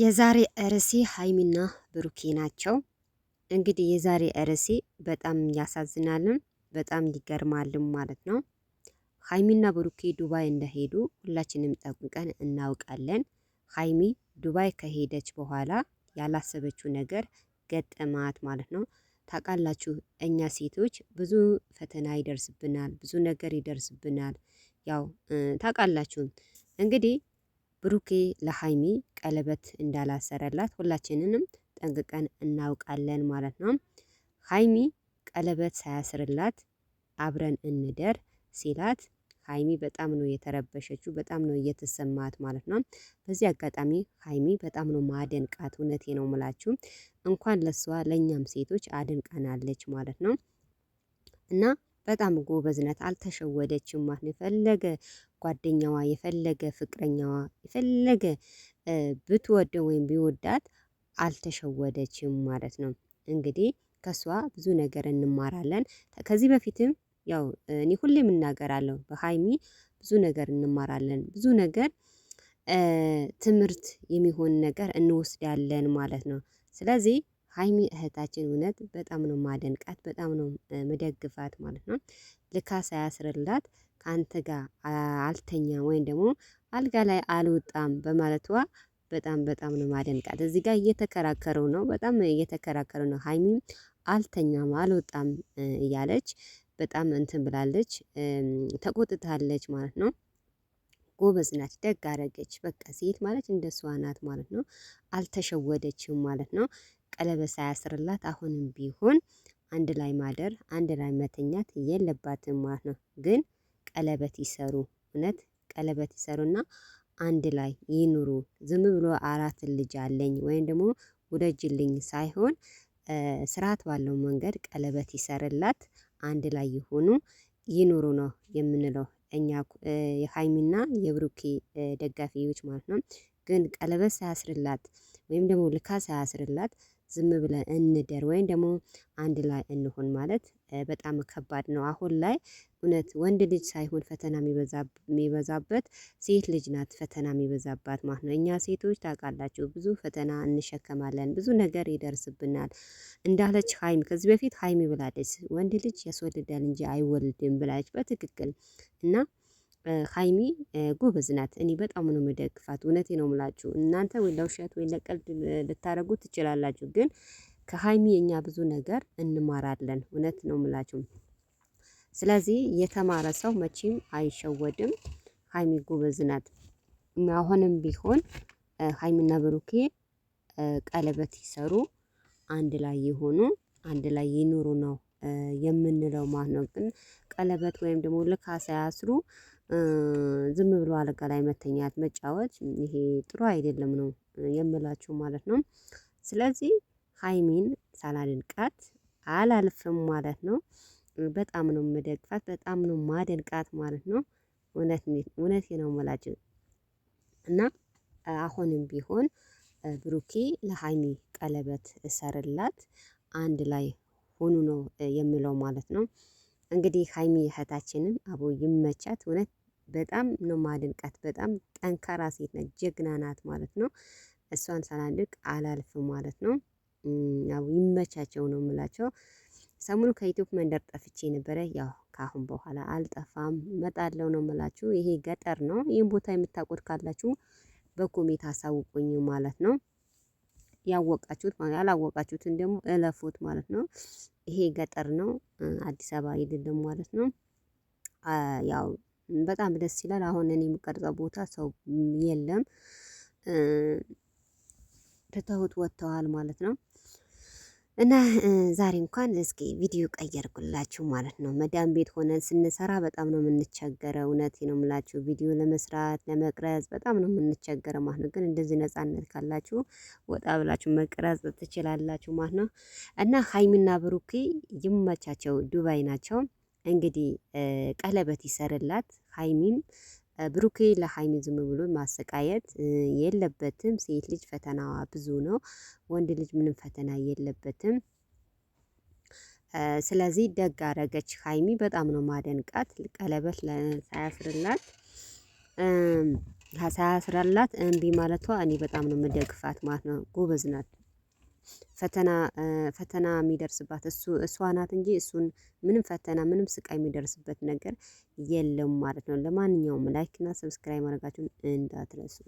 የዛሬ ርዕሴ ሀይሚና ብሩኬ ናቸው። እንግዲህ የዛሬ ርዕሴ በጣም ያሳዝናልም በጣም ይገርማልም ማለት ነው። ሀይሚና ብሩኬ ዱባይ እንደሄዱ ሁላችንም ጠንቅቀን እናውቃለን። ሀይሚ ዱባይ ከሄደች በኋላ ያላሰበችው ነገር ገጠማት ማለት ነው። ታውቃላችሁ እኛ ሴቶች ብዙ ፈተና ይደርስብናል፣ ብዙ ነገር ይደርስብናል። ያው ታውቃላችሁ እንግዲህ ብሩኬ ለሀይሚ ቀለበት እንዳላሰረላት ሁላችንንም ጠንቅቀን እናውቃለን ማለት ነው። ሀይሚ ቀለበት ሳያስርላት አብረን እንደር ሲላት ሀይሚ በጣም ነው የተረበሸችው፣ በጣም ነው እየተሰማት ማለት ነው። በዚህ አጋጣሚ ሀይሚ በጣም ነው ማደንቃት፣ እውነቴ ነው ምላችሁ። እንኳን ለሷ ለእኛም ሴቶች አድንቀናለች ማለት ነው። እና በጣም ጎበዝ አልተሸወደችም ማለት ነው። የፈለገ ጓደኛዋ፣ የፈለገ ፍቅረኛዋ፣ የፈለገ ብትወደው ወይም ቢወዳት አልተሸወደችም ማለት ነው። እንግዲህ ከሷ ብዙ ነገር እንማራለን። ከዚህ በፊትም ያው እኔ ሁሌም እናገራለሁ በሀይሚ ብዙ ነገር እንማራለን ብዙ ነገር ትምህርት የሚሆን ነገር እንወስዳለን ማለት ነው። ስለዚህ ሀይሚ እህታችን እውነት በጣም ነው ማደንቃት በጣም ነው መደግፋት ማለት ነው። ልካ ሳያስርላት አንተ ጋር አልተኛም ወይም ደግሞ አልጋ ላይ አልወጣም በማለቷ በጣም በጣም ነው ማደንቃት። እዚህ ጋር እየተከራከሩ ነው፣ በጣም እየተከራከሩ ነው። ሀይሚም አልተኛም አልወጣም እያለች በጣም እንትን ብላለች፣ ተቆጥታለች ማለት ነው። ጎበዝ ናት፣ ደግ አረገች። በቃ ሴት ማለት እንደሷ ናት ማለት ነው። አልተሸወደችም ማለት ነው። ቀለበት ሳያስርላት አሁንም ቢሆን አንድ ላይ ማደር አንድ ላይ መተኛት የለባትም ማለት ነው ግን ቀለበት ይሰሩ። እውነት ቀለበት ይሰሩና አንድ ላይ ይኑሩ። ዝም ብሎ አራት ልጅ አለኝ ወይም ደግሞ ውደጅልኝ ሳይሆን ስርዓት ባለው መንገድ ቀለበት ይሰርላት፣ አንድ ላይ ይሆኑ፣ ይኑሩ ነው የምንለው እኛ የሀይሚና የብሩኬ ደጋፊዎች ማለት ነው። ግን ቀለበት ሳያስርላት ወይም ደግሞ ልካ ሳያስርላት ዝም ብለን እንደር ወይም ደግሞ አንድ ላይ እንሆን ማለት በጣም ከባድ ነው። አሁን ላይ እውነት ወንድ ልጅ ሳይሆን ፈተና የሚበዛበት ሴት ልጅ ናት ፈተና የሚበዛባት ማለት ነው። እኛ ሴቶች ታውቃላችሁ ብዙ ፈተና እንሸከማለን፣ ብዙ ነገር ይደርስብናል። እንዳለች ሀይሚ ከዚህ በፊት ሀይሚ ብላለች፣ ወንድ ልጅ ያስወልዳል እንጂ አይወልድም ብላለች በትክክል እና ሀይሚ ጎበዝ ናት። እኔ በጣም ነው የምደግፋት። እውነቴ ነው የምላችሁ። እናንተ ወይ ለውሸት ወይ ለቀልድ ልታደርጉ ትችላላችሁ፣ ግን ከሀይሚ የኛ ብዙ ነገር እንማራለን። እውነት ነው የምላችሁ። ስለዚህ የተማረ ሰው መቼም አይሸወድም። ሀይሚ ጎበዝ ናት። አሁንም ቢሆን ሀይሚና ብሩኬ ቀለበት ይሰሩ፣ አንድ ላይ ይሆኑ፣ አንድ ላይ ይኑሩ ነው የምንለው ማለት ነው። ግን ቀለበት ወይም ደግሞ ልክ ሳያስሩ ዝም ብሎ አልጋ ላይ መተኛት መጫወት ይሄ ጥሩ አይደለም ነው የምላችሁ ማለት ነው። ስለዚህ ሀይሚን ሳላድንቃት አላልፍም ማለት ነው። በጣም ነው የምደግፋት በጣም ነው ማደንቃት ማለት ነው። እውነት ነው የምላችሁ እና አሁንም ቢሆን ብሩኬ ለሀይሚ ቀለበት እሰርላት አንድ ላይ ሆኑ ነው የምለው ማለት ነው። እንግዲህ ሀይሚ እህታችንን አቦ ይመቻት። እውነት በጣም ነው ማድንቃት። በጣም ጠንካራ ሴት ናት፣ ጀግና ናት ማለት ነው። እሷን ሳላልቅ አላልፍ ማለት ነው። ያው ይመቻቸው ነው ምላቸው። ሰሞኑ ከኢትዮጵ መንደር ጠፍቼ ነበረ። ያው ከአሁን በኋላ አልጠፋም፣ መጣለው ነው ምላችሁ። ይሄ ገጠር ነው። ይህን ቦታ የምታውቁት ካላችሁ በኮሜንት አሳውቁኝ ማለት ነው። ያወቃችሁት ያላወቃችሁትን ደግሞ እለፉት ማለት ነው። ይሄ ገጠር ነው፣ አዲስ አበባ አይደለም ማለት ነው። ያው በጣም ደስ ይላል። አሁን እኔ የምቀርጸው ቦታ ሰው የለም፣ ትተውት ወጥተዋል ማለት ነው። እና ዛሬ እንኳን እስኪ ቪዲዮ ቀየርኩላችሁ ማለት ነው። መዳም ቤት ሆነን ስንሰራ በጣም ነው የምንቸገረው። እውነት ነው የምላችሁ ቪዲዮ ለመስራት ለመቅረጽ በጣም ነው የምንቸገረው ማለት ነው። ግን እንደዚህ ነጻነት ካላችሁ ወጣ ብላችሁ መቅረጽ ትችላላችሁ ማለት ነው። እና ሀይሚና ብሩኬ ይመቻቸው፣ ዱባይ ናቸው። እንግዲህ ቀለበት ይሰርላት ሀይሚም ብሩኬ ለሀይሚ ዝም ብሎ ማሰቃየት የለበትም። ሴት ልጅ ፈተናዋ ብዙ ነው። ወንድ ልጅ ምንም ፈተና የለበትም። ስለዚህ ደግ አረገች ሀይሚ። በጣም ነው ማደንቃት። ቀለበት ሳያስርላት ሳያስራላት እምቢ ማለቷ እኔ በጣም ነው መደግፋት ማለት ነው። ጎበዝ ናት። ፈተና ፈተና የሚደርስባት እሱ እሷ ናት እንጂ እሱን ምንም ፈተና ምንም ስቃይ የሚደርስበት ነገር የለም ማለት ነው። ለማንኛውም ላይክ እና ሰብስክራይብ ማድረጋችሁን እንዳትረሱ